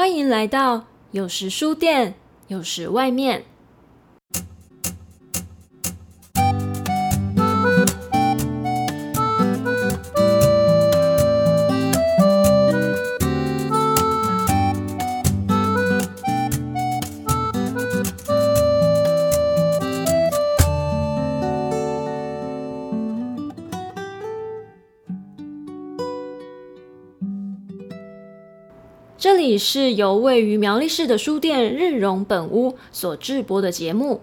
歡迎來到有時書店，有時外面。是由位於苗栗市的書店日榮本屋所制播的節目，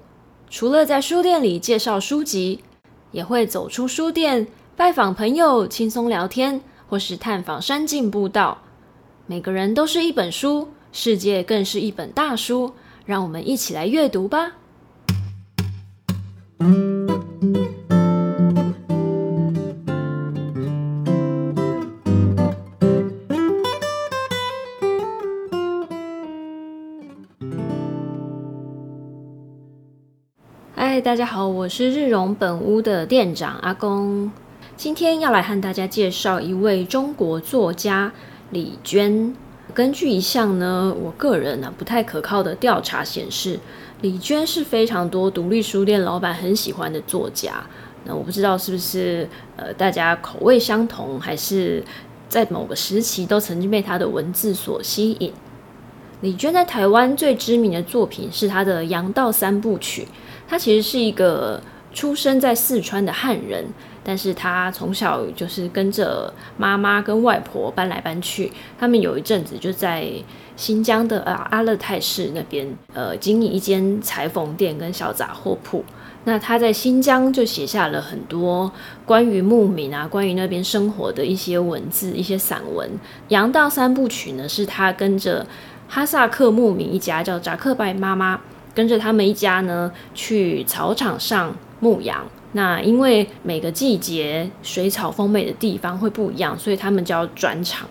除了在書店裡介紹書籍，也會走出書店拜訪朋友，輕鬆聊天，或是探訪山徑步道。每個人都是一本書，世界更是一本大書，讓我們一起來閱讀吧。大家好，我是日榮本屋的店長阿公，今天要來和大家介紹一位中國作家李娟。根據一項呢，我個人呢、啊、不太可靠的調查顯示，李娟是非常多獨立書店老板很喜歡的作家。那我不知道是不是呃大家口味相同，還是在某個時期都曾經被她的文字所吸引。李娟在台灣最知名的作品是她的《羊道三部曲》。她其實是一個出生在四川的漢人，但是她從小就是跟着媽媽跟外婆搬來搬去。他們有一陣子就在新疆的阿勒泰市那邊，呃，經營一間裁縫店跟小雜貨鋪。那她在新疆就寫下了很多關於牧民啊，關於那邊生活的一些文字，一些散文。《羊道三部曲》呢，是她跟着哈薩克牧民一家叫扎克拜媽媽，跟着他們一家呢去草場上牧羊。那因為每個季節水草豐美的地方會不一樣，所以他們就要轉場。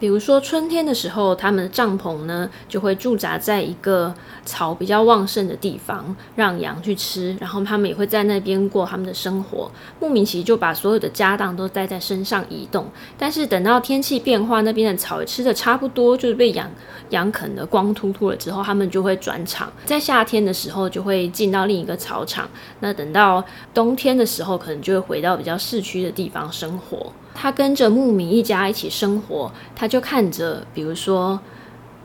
比如說春天的時候，他們的帳篷呢就會駐紮在一個草比較旺盛的地方，讓羊去吃，然後他們也會在那邊過他們的生活。牧民其實就把所有的家當都帶在身上移動，但是等到天氣變化，那邊的草也吃得差不多，就是被羊羊啃得光禿禿了之後，他們就會轉場，在夏天的時候就會進到另一個草場。那等到冬天的時候，可能就會回到比較市區的地方生活。他跟着牧民一家一起生活，他就看着，比如說，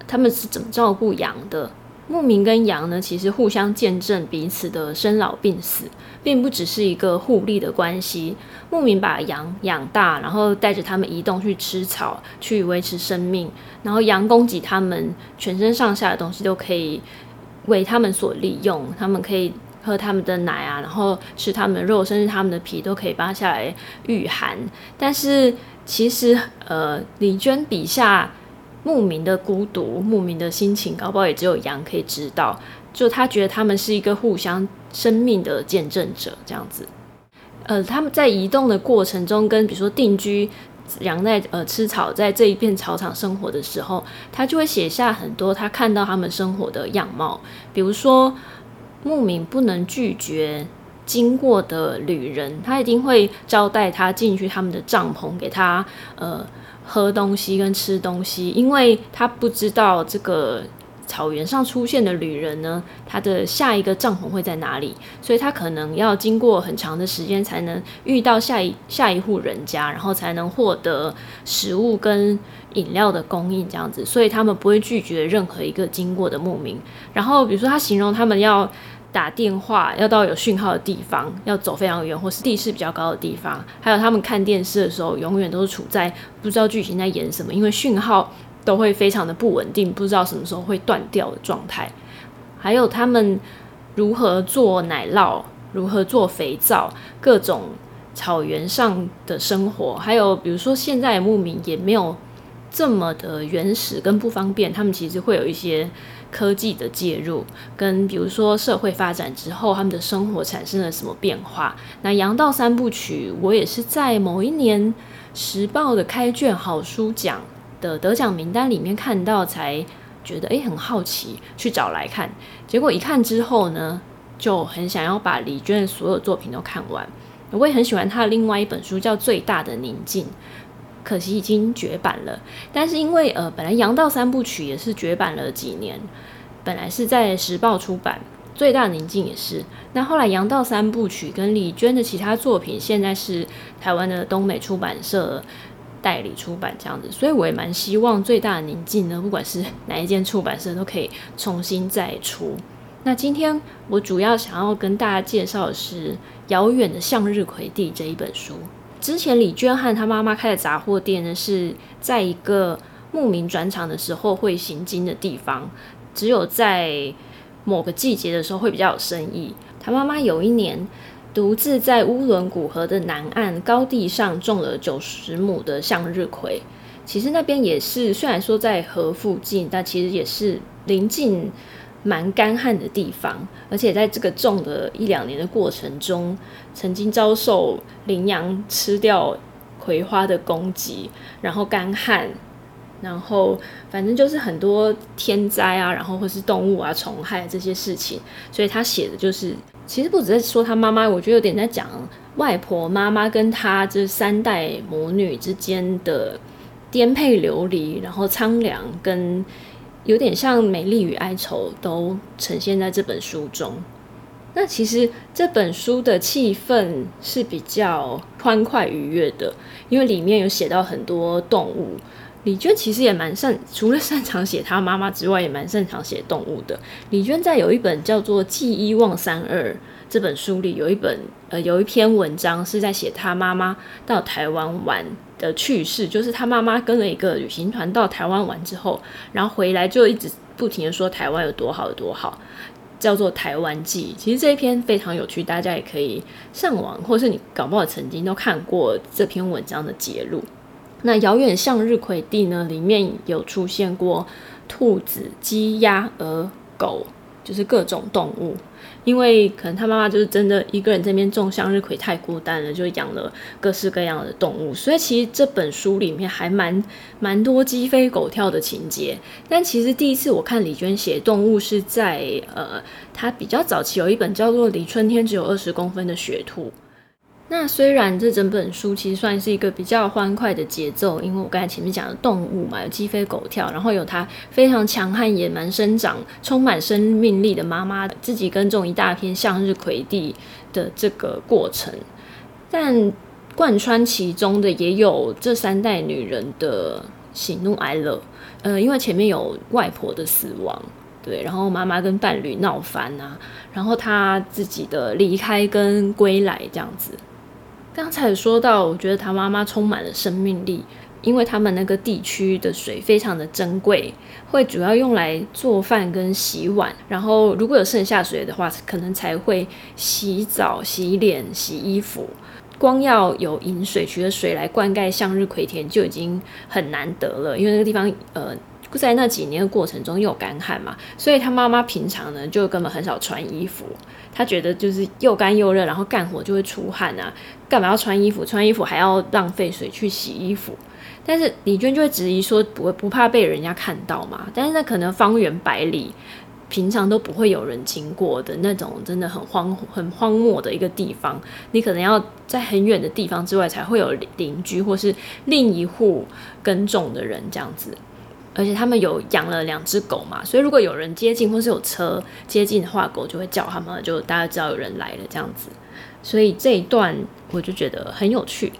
他們是怎麼照顧羊的。牧民跟羊呢，其實互相見證彼此的生老病死，並不只是一個互利的關係。牧民把羊養大，然後帶着他們移動去吃草，去維持生命。然後羊供給他們全身上下的東西都可以為他們所利用，他們可以。喝他們的奶啊，然後吃他們的肉，甚至他們的皮都可以扒下來禦寒。但是其實，呃，李娟筆下牧民的孤獨、牧民的心情，搞不好也只有羊可以知道。就他覺得他們是一個互相生命的見證者，這樣子。呃，他們在移動的過程中，跟比如說定居羊在呃吃草，在這一片草場生活的時候，他就會寫下很多他看到他們生活的樣貌，比如說。牧民不能拒絕經過的旅人，他一定會招待他進去他們的帳篷，給他呃喝東西跟吃東西，因為他不知道這個，草原上出現的旅人呢？他的下一個帳篷會在哪裡？所以他可能要經過很長的時間才能遇到下一下一戶人家，然後才能獲得食物跟飲料的供應。這樣子，所以他們不會拒絕任何一個經過的牧民。然後，比如說他形容他們要打電話，要到有訊號的地方，要走非常遠，或是地勢比較高的地方。還有，他們看電視的時候，永遠都是處在不知道劇情在演什麼，因為訊號。都會非常的不穩定，不知道什麼時候會斷掉的狀態。還有他們如何做奶酪，如何做肥皂，各種草原上的生活。還有比如說，現在的牧民也沒有這麼的原始跟不方便，他們其實會有一些科技的介入，跟比如說社會發展之後，他們的生活產生了什麼變化。那《羊道三部曲》，我也是在某一年時報的開卷好書獎的得獎名單裡面看到，才覺得誒、欸、很好奇去找來看，結果一看之後呢，就很想要把李娟的所有作品都看完。我也很喜歡她的另外一本書叫《最大的寧靜》，可惜已經絕版了。但是因為呃，本來羊道三部曲也是絕版了幾年，本來是在時報出版，《最大的寧靜》也是。那後來羊道三部曲跟李娟的其他作品，現在是臺灣的東美出版社。代理出版這樣子，所以我也蠻希望最大的寧靜呢，不管是哪一間出版社都可以重新再出。那今天我主要想要跟大家介紹的是《遙遠的向日葵地》這一本書。之前李娟和她媽媽開的雜貨店呢，是在一個牧民轉場的時候會行經的地方，只有在某個季節的時候會比較有生意。她媽媽有一年。獨自在烏倫古河的南岸高地上種了九十畝的向日葵。其實那邊也是，雖然說在河附近，但其實也是臨近蠻乾旱的地方。而且在這個種了一兩年的過程中，曾經遭受羚羊吃掉葵花的攻擊，然後乾旱。然後，反正就是很多天災啊，然後或是動物啊、蟲害這些事情，所以他寫的就是，其實不只是說他媽媽，我覺得有點在講外婆、媽媽跟他這三代母女之間的顛沛流離，然後蒼涼，跟有點像《美麗與哀愁》都呈現在這本書中。那其實這本書的氣氛是比較歡快愉悅的，因為裡面有寫到很多動物。李娟其實也蠻擅，除了擅長寫她媽媽之外，也蠻擅長寫動物的。李娟在有一本叫做《記一忘三二》這本書裡，有一本呃，有一篇文章是在寫她媽媽到台灣玩的趣事，就是她媽媽跟了一個旅行團到台灣玩之後，然後回來就一直不停的說台灣有多好，有多好，叫做《台灣記》。其實這一篇非常有趣，大家也可以上網，或是你搞不好曾經都看過這篇文章的節錄。那遙遠向日葵地呢？裡面有出現過兔子、雞、鴨、鵝、狗，就是各種動物。因為可能他媽媽就是真的一個人在那邊種向日葵太孤單了，就養了各式各樣的動物。所以其實這本書裡面還蠻蠻多雞飛狗跳的情節。但其實第一次我看李娟寫動物是在呃，她比較早期有一本叫做《離春天只有二十公分的雪兔》。那雖然這整本書其實算是一個比較歡快的節奏，因為我剛才前面講的動物嘛，有雞飛狗跳，然後有她非常強悍野蠻生長、充滿生命力的媽媽自己耕種一大片向日葵地的這個過程，但貫穿其中的也有這三代女人的喜怒哀樂。呃，因為前面有外婆的死亡，對，然後媽媽跟伴侶鬧翻啊，然後她自己的離開跟歸來這樣子。剛才說到，我覺得他媽媽充滿了生命力，因為他們那個地區的水非常的珍貴，會主要用來做飯跟洗碗，然後如果有剩下水的話，可能才會洗澡、洗臉、洗衣服。光要有引水渠的水來灌溉向日葵田就已經很難得了，因為那個地方呃。在那幾年的過程中，又有乾旱嘛，所以他媽媽平常呢就根本很少穿衣服。他覺得就是又乾又熱，然後幹活就會出汗啊，幹嘛要穿衣服？穿衣服還要浪費水去洗衣服。但是李娟就會質疑說不，不不怕被人家看到嘛？但是那可能方圓百里，平常都不會有人經過的那種，真的很荒很荒漠的一個地方，你可能要在很遠的地方之外才會有鄰居或是另一戶耕種的人這樣子。而且他們有養了兩隻狗嘛，所以如果有人接近，或是有車接近的話，狗就會叫他們，就大家知道有人來了這樣子。所以這一段我就覺得很有趣。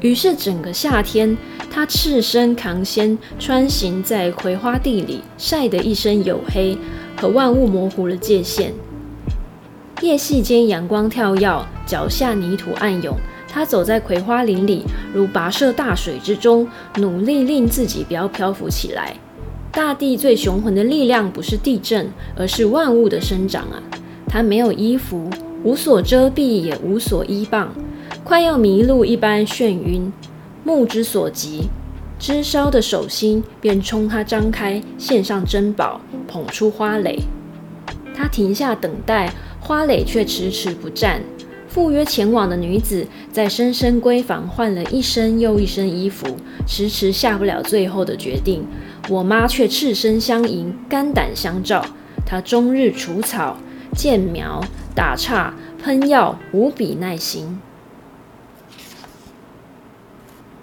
於是整個夏天，他赤身扛鍁，穿行在葵花地裡，曬得一身黝黑，可萬物模糊了界限，夜隙間陽光跳躍，腳下泥土暗湧。他走在葵花林裡，如跋涉大水之中，努力令自己不要漂浮起來。大地最雄渾的力量不是地震，而是萬物的生長啊！他沒有衣服，無所遮蔽，也無所依傍，快要迷路一般眩暈，目之所及。枝梢的手心便衝他張開，獻上珍寶，捧出花蕾。他停下等待，花蕾卻遲遲不綻。赴約前往的女子在深深閨房換了一身又一身衣服，遲遲下不了最後的決定。我媽卻赤身相迎，肝膽相照。她終日除草、間苗、打杈、噴藥，無比耐心。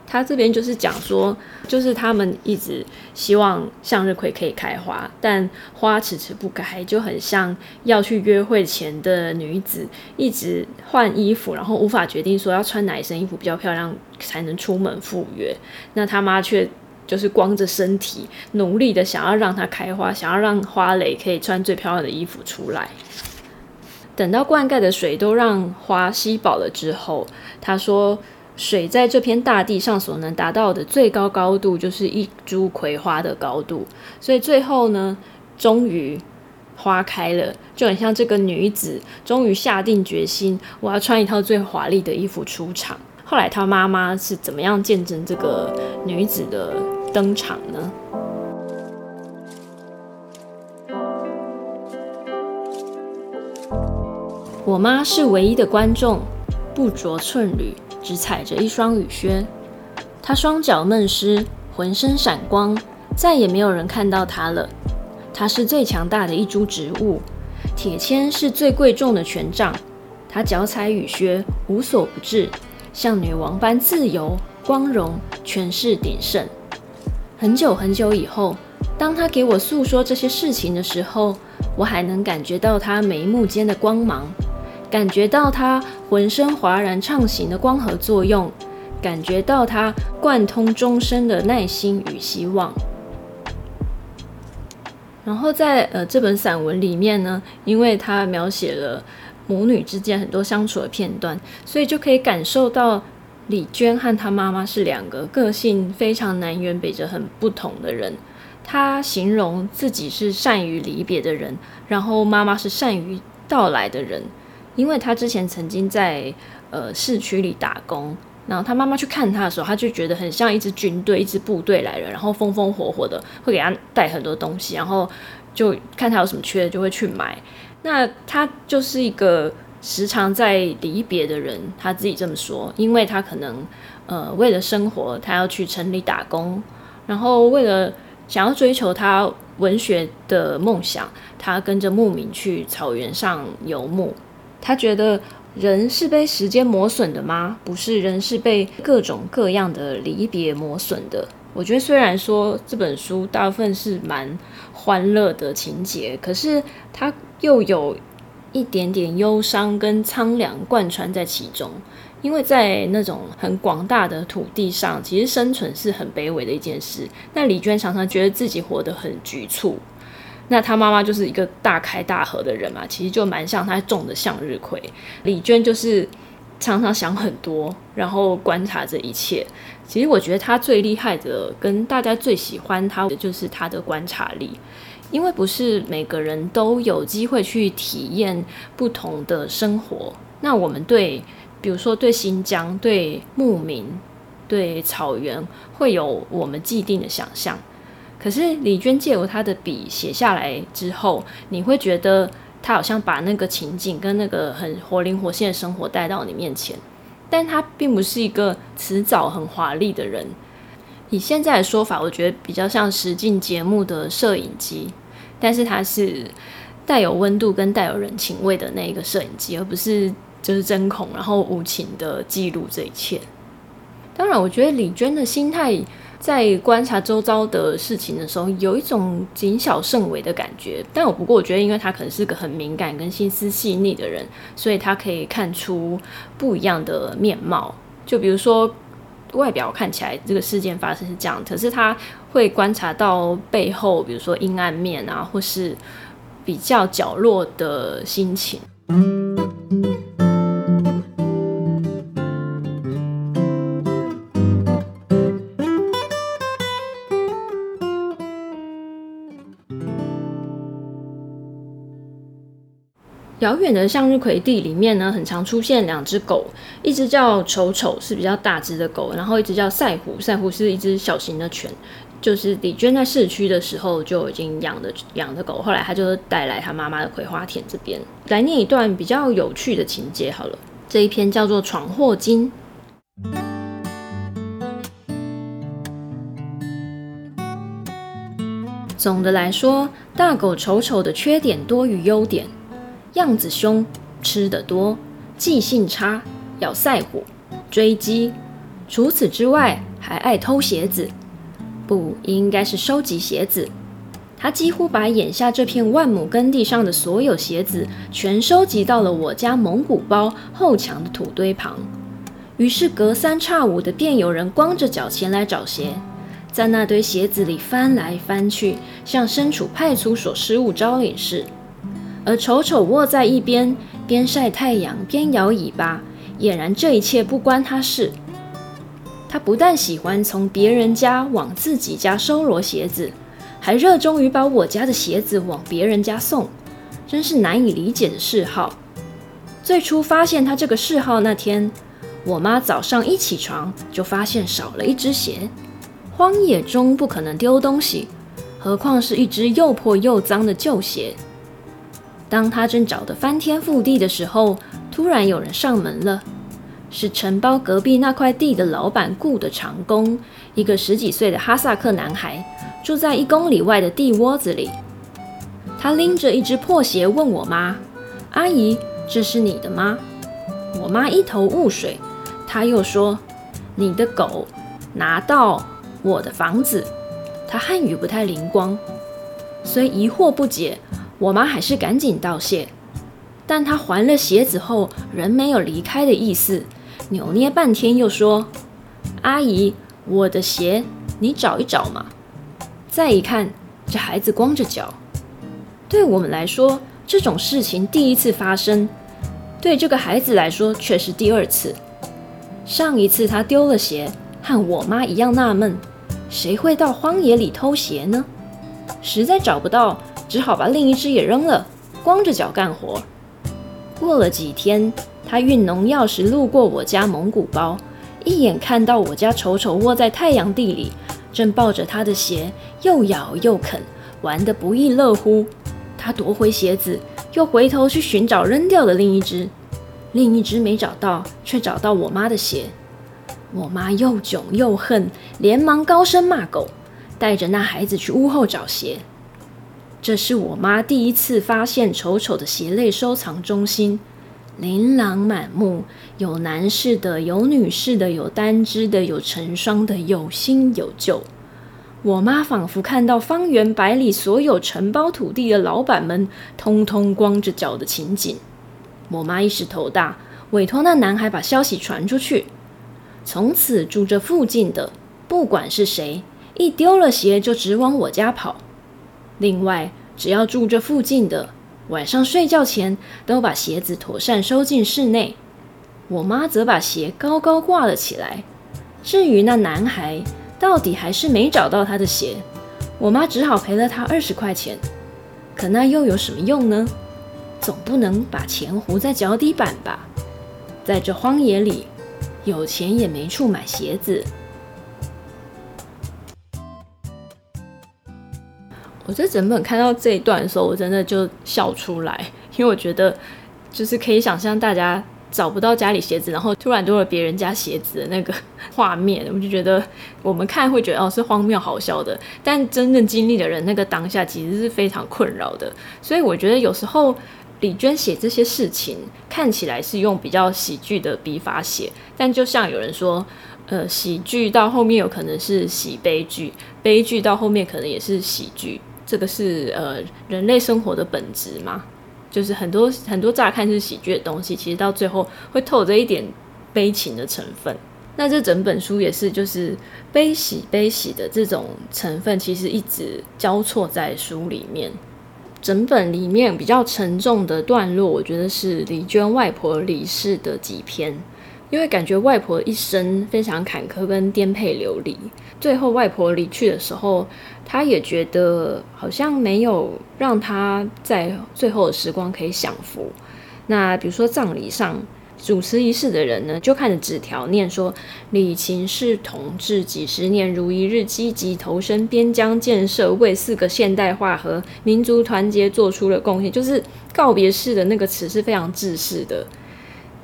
他這邊就是講說，就是他們一直希望向日葵可以開花，但花遲遲不開，就很像要去約會前的女子，一直換衣服，然後無法決定說要穿哪一身衣服比較漂亮才能出門赴約。那他媽卻就是光着身體，努力的想要讓它開花，想要讓花蕾可以穿最漂亮的衣服出來。等到灌溉的水都讓花吸飽了之後，他說。水在這片大地上所能達到的最高高度，就是一株葵花的高度。所以最後呢，終於花開了，就很像這個女子終於下定決心，我要穿一套最華麗的衣服出場。後來她媽媽是怎麼樣見證這個女子的登場呢？我媽是唯一的觀眾，不着寸縷。只踩着一雙雨靴，她雙腳悶濕，渾身閃光，再也沒有人看到她了。她是最強大的一株植物，鐵籤是最貴重的權杖。她腳踩雨靴，無所不至，像女王般自由、光榮、權勢鼎盛。很久很久以後，當她給我訴說這些事情的時候，我還能感覺到她眉目間的光芒。感覺到他渾身嘩然暢行的光合作用，感覺到他貫通終生的耐心與希望。然後在呃這本散文裡面呢，因為他描寫了母女之間很多相處的片段，所以就可以感受到李娟和她媽媽是兩個個性非常南轅北轍、很不同的人。她形容自己是善於離別的人，然後媽媽是善於到來的人。因為他之前曾經在呃市區裡打工，然後他媽媽去看他的時候，他就覺得很像一支軍隊，一支部隊來了，然後風風火火的會給他帶很多東西，然後就看他有什麼缺的就會去買。那他就是一個時常在離別的人，他自己這麼說，因為他可能呃為了生活，他要去城裡打工，然後為了想要追求他文學的夢想，他跟着牧民去草原上游牧。他覺得人是被時間磨損的嗎？不是，人是被各種各樣的離別磨損的。我覺得雖然說這本書大部分是蠻歡樂的情節，可是它又有一點點憂傷跟蒼涼貫穿在其中。因為在那種很廣大的土地上，其實生存是很卑微的一件事。那李娟常常覺得自己活得很局促。那他媽媽就是一個大開大合的人嘛，其實就蠻像他種的向日葵。李娟就是常常想很多，然後觀察這一切。其實我覺得她最厲害的，跟大家最喜歡她的，就是她的觀察力。因為不是每個人都有機會去體驗不同的生活。那我們對，比如說對新疆、對牧民、對草原，會有我們既定的想象。可是李娟借由他的筆寫下來之後，你會覺得他好像把那個情景跟那個很活靈活現的生活帶到你面前，但他並不是一個辭藻很華麗的人。以現在的說法，我覺得比較像實境節目的攝影機，但是它是帶有溫度跟帶有人情味的那一個攝影機，而不是就是針孔然後無情的記錄這一切。當然，我覺得李娟的心態。在觀察周遭的事情的時候，有一種謹小慎微的感覺。但我不過我覺得，因為他可能是個很敏感跟心思細膩的人，所以他可以看出不一樣的面貌。就比如說，外表看起來這個事件發生是這樣，可是他會觀察到背後，比如說陰暗面啊，或是比較角落的心情。遙遠的向日葵地裡面呢，很常出現兩隻狗，一隻叫醜醜，是比較大隻的狗，然後一隻叫賽虎，賽虎是一隻小型的犬，就是李娟在市區的時候就已經養的養的狗，後來她就帶來她媽媽的葵花田這邊。來念一段比較有趣的情節好了，這一篇叫做《闖禍精》。總的來說，大狗醜丑的缺點多於優點。樣子凶，吃得多，記性差，咬賽虎，追雞。除此之外，還愛偷鞋子。不，應該是收集鞋子。他幾乎把眼下這片萬畝耕地上的所有鞋子，全收集到了我家蒙古包後牆的土堆旁。於是，隔三差五的便有人光着腳前來找鞋，在那堆鞋子裡翻來翻去，像身處派出所失物招領室。而醜醜臥在一邊，邊曬太陽邊搖尾巴，儼然這一切不關他事。他不但喜歡從別人家往自己家搜羅鞋子，還熱衷於把我家的鞋子往別人家送，真是難以理解的嗜好。最初發現他這個嗜好那天，我媽早上一起床就發現少了一只鞋。荒野中不可能丟東西，何況是一只又破又髒的舊鞋。當他正找得翻天覆地的時候，突然有人上門了，是承包隔壁那塊地的老板雇的長工，一個十幾歲的哈薩克男孩，住在一公里外的地窩子裡。他拎着一只破鞋問我媽：“阿姨，這是你的嗎？”我媽一頭霧水。他又說：“你的狗拿到我的房子。”他漢語不太靈光，所以疑惑不解。我媽還是趕緊道謝，但她還了鞋子後，仍沒有離開的意思。扭捏半天，又說：“阿姨，我的鞋，你找一找嘛。”再一看，這孩子光着腳。對我們來說，這種事情第一次發生；對這個孩子來說，卻是第二次。上一次他丟了鞋，和我媽一樣納悶：誰會到荒野裡偷鞋呢？實在找不到。只好把另一隻也扔了，光着腳幹活。過了幾天，他運農藥時路過我家蒙古包，一眼看到我家醜醜臥在太陽地裡，正抱着他的鞋，又咬又啃，玩得不亦樂乎。他奪回鞋子，又回頭去尋找扔掉的另一隻。另一隻沒找到，卻找到我媽的鞋。我媽又窘又恨，連忙高聲罵狗，帶着那孩子去屋後找鞋。這是我媽第一次發現丑丑的鞋類收藏中心，琳琅滿目，有男士的，有女士的，有單只的，有成雙的，有新有舊。我媽仿佛看到方圓百裡所有承包土地的老板們，通通光着腳的情景。我媽一時頭大，委托那男孩把消息傳出去。從此住這附近的，不管是誰，一丟了鞋就直往我家跑。另外，只要住這附近的，晚上睡覺前都把鞋子妥善收進室內。我媽則把鞋高高掛了起來。至於那男孩，到底還是沒找到他的鞋，我媽只好賠了他二十塊錢。可那又有什麼用呢？總不能把錢糊在腳底板吧？在這荒野裡，有錢也沒處買鞋子。我在整本看到這一段的時候，我真的就笑出來，因為我覺得就是可以想象大家找不到家裡鞋子，然後突然丟了別人家鞋子的那個畫面，我就覺得我們看會覺得哦是荒謬好笑的，但真正經歷的人那個當下其實是非常困擾的，所以我覺得有時候李娟寫這些事情看起來是用比較喜劇的筆法寫，但就像有人說，呃，喜劇到後面有可能是喜悲劇，悲劇到後面可能也是喜劇。這個是呃人類生活的本質嘛，就是很多很多乍看是喜劇的東西，其實到最後會透着一點悲情的成分。那這整本書也是就是悲喜悲喜的這種成分，其實一直交錯在書裡面。整本裡面比較沉重的段落，我覺得是李娟外婆離世的幾篇，因為感覺外婆一生非常坎坷跟顛沛流離，最後外婆離去的時候，他也覺得好像沒有讓他在最後的時光可以享福。那比如說葬禮上主持儀式的人呢，就看着紙條念說：“李琴是同志幾十年如一日積極投身邊疆建設，為四個現代化和民族團結做出了貢獻。”就是告別式的那個詞是非常制式的。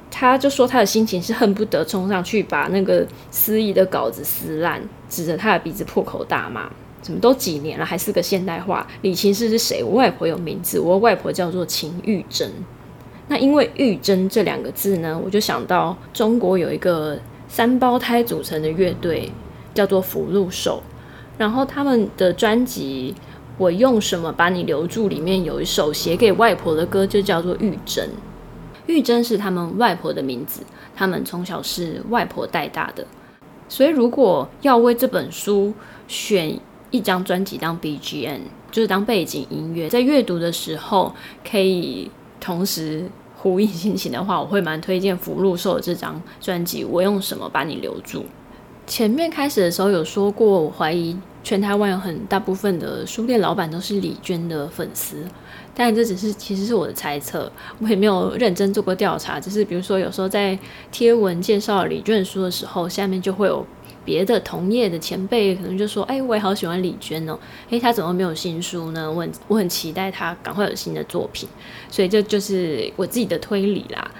他就說他的心情是恨不得衝上去把那個司儀的稿子撕爛，指着他的鼻子破口大罵。怎麼都幾年了，還是個現代化？李娟是誰？我外婆有名字，我外婆叫做秦玉珍。那因為玉珍這兩個字呢，我就想到中國有一個三胞胎組成的樂隊，叫做福祿壽。然後他們的專輯《我用什麼把你留住》裡面有一首寫給外婆的歌，就叫做《玉珍》。玉珍是他們外婆的名字，他們從小是外婆帶大的。所以如果要為這本書選一張專輯當 BGM，就是當背景音樂，在閱讀的時候可以同時呼應心情的話，我會蠻推薦福祿壽這張專輯。我用什麼把你留住。前面開始的時候有說過，我懷疑全台灣有很大部分的書店老闆都是李娟的粉絲，但這只是其實是我的猜測，我也沒有認真做過調查，只是比如說，有時候在貼文介紹李娟書的時候，下面就會有。別的同業的前輩可能就說：“哎，我也好喜歡李娟哦，誒，她怎麼沒有新書呢？我很我很期待她趕快有新的作品。”所以這就是我自己的推理啦。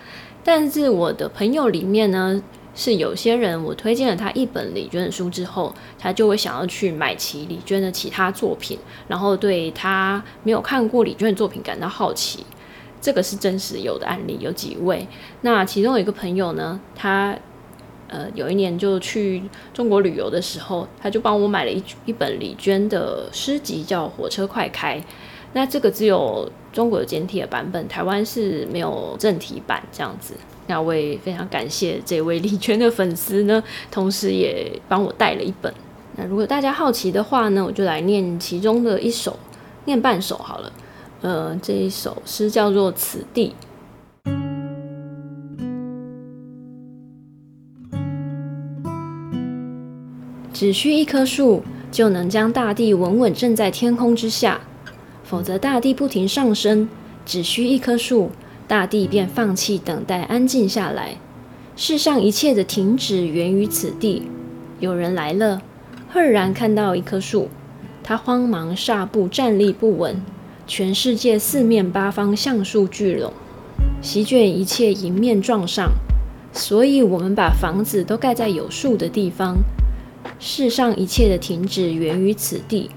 但是我的朋友裡面呢，是有些人我推薦了他一本李娟的書之後，他就會想要去買齊李娟的其他作品，然後對他沒有看過李娟的作品感到好奇。這個是真實有的案例，有幾位。那其中有一個朋友呢，他。呃，有一年就去中國旅遊的時候，他就幫我買了一一本李娟的詩集，叫《火車快開》。那這個只有中國的簡體的版本，台灣是沒有正體版這樣子。那我也非常感謝這位李娟的粉絲呢，同時也幫我帶了一本。那如果大家好奇的話呢，我就來念其中的一首，念半首好了。呃，這一首詩叫做《此地》。只需一棵樹，就能將大地穩穩鎮在天空之下。否則，大地不停上升。只需一棵樹，大地便放棄等待，安靜下來。世上一切的停止源於此地。有人來了，赫然看到一棵樹，他慌忙煞步，站立不穩。全世界四面八方向樹聚攏，席捲一切，迎面撞上。所以，我們把房子都蓋在有樹的地方。世上一切的停止源於此地，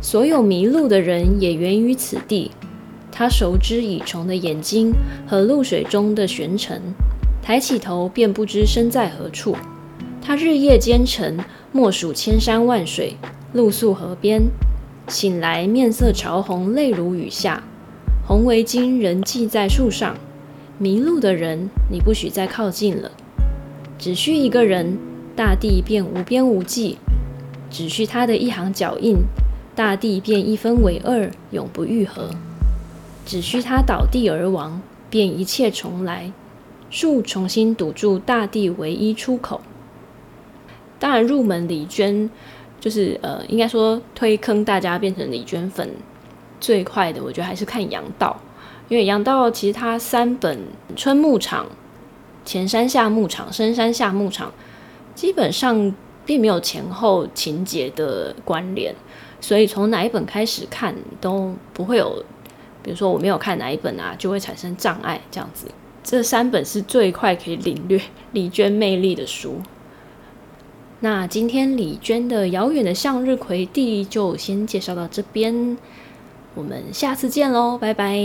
所有迷路的人也源於此地。他熟知蟻蟲的眼睛和露水中的懸塵，抬起頭便不知身在何處。他日夜兼程，默數千山萬水，露宿河邊，醒來面色潮紅，淚如雨下。紅圍巾仍繫在樹上。迷路的人，你不許再靠近了。只需一個人。大地便無邊無際，只需他的一行腳印，大地便一分為二，永不癒合。只需他倒地而亡，便一切重來，樹重新堵住大地唯一出口。當然，入門李娟就是呃，應該說推坑大家變成李娟粉最快的，我覺得還是看羊道，因為羊道其實他三本春牧場、前山夏牧場、深山夏牧場。基本上並沒有前後情節的關聯，所以從哪一本開始看都不會有，比如說我沒有看哪一本啊，就會產生障礙這樣子。這三本是最快可以領略李娟魅力的書。那今天李娟的《遙遠的向日葵地》就先介紹到這邊，我們下次見嘍，拜拜。